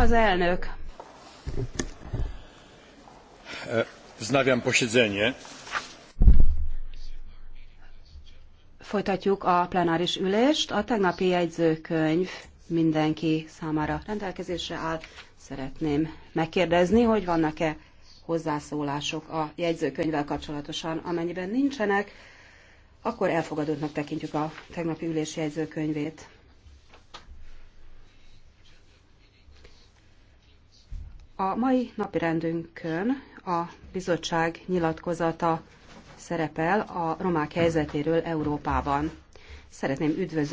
Az elnök. Znawiam posiedzenie. Folytatjuk a plenáris ülést. A tegnapi jegyzőkönyv mindenki számára rendelkezésre áll. Szeretném megkérdezni, hogy vannak-e hozzászólások a jegyzőkönyvvel kapcsolatosan. Amennyiben nincsenek, akkor elfogadottnak tekintjük a tegnapi ülés jegyzőkönyvét. A mai napirendünkön a bizottság nyilatkozata szerepel a romák helyzetéről Európában. Szeretném üdvözölni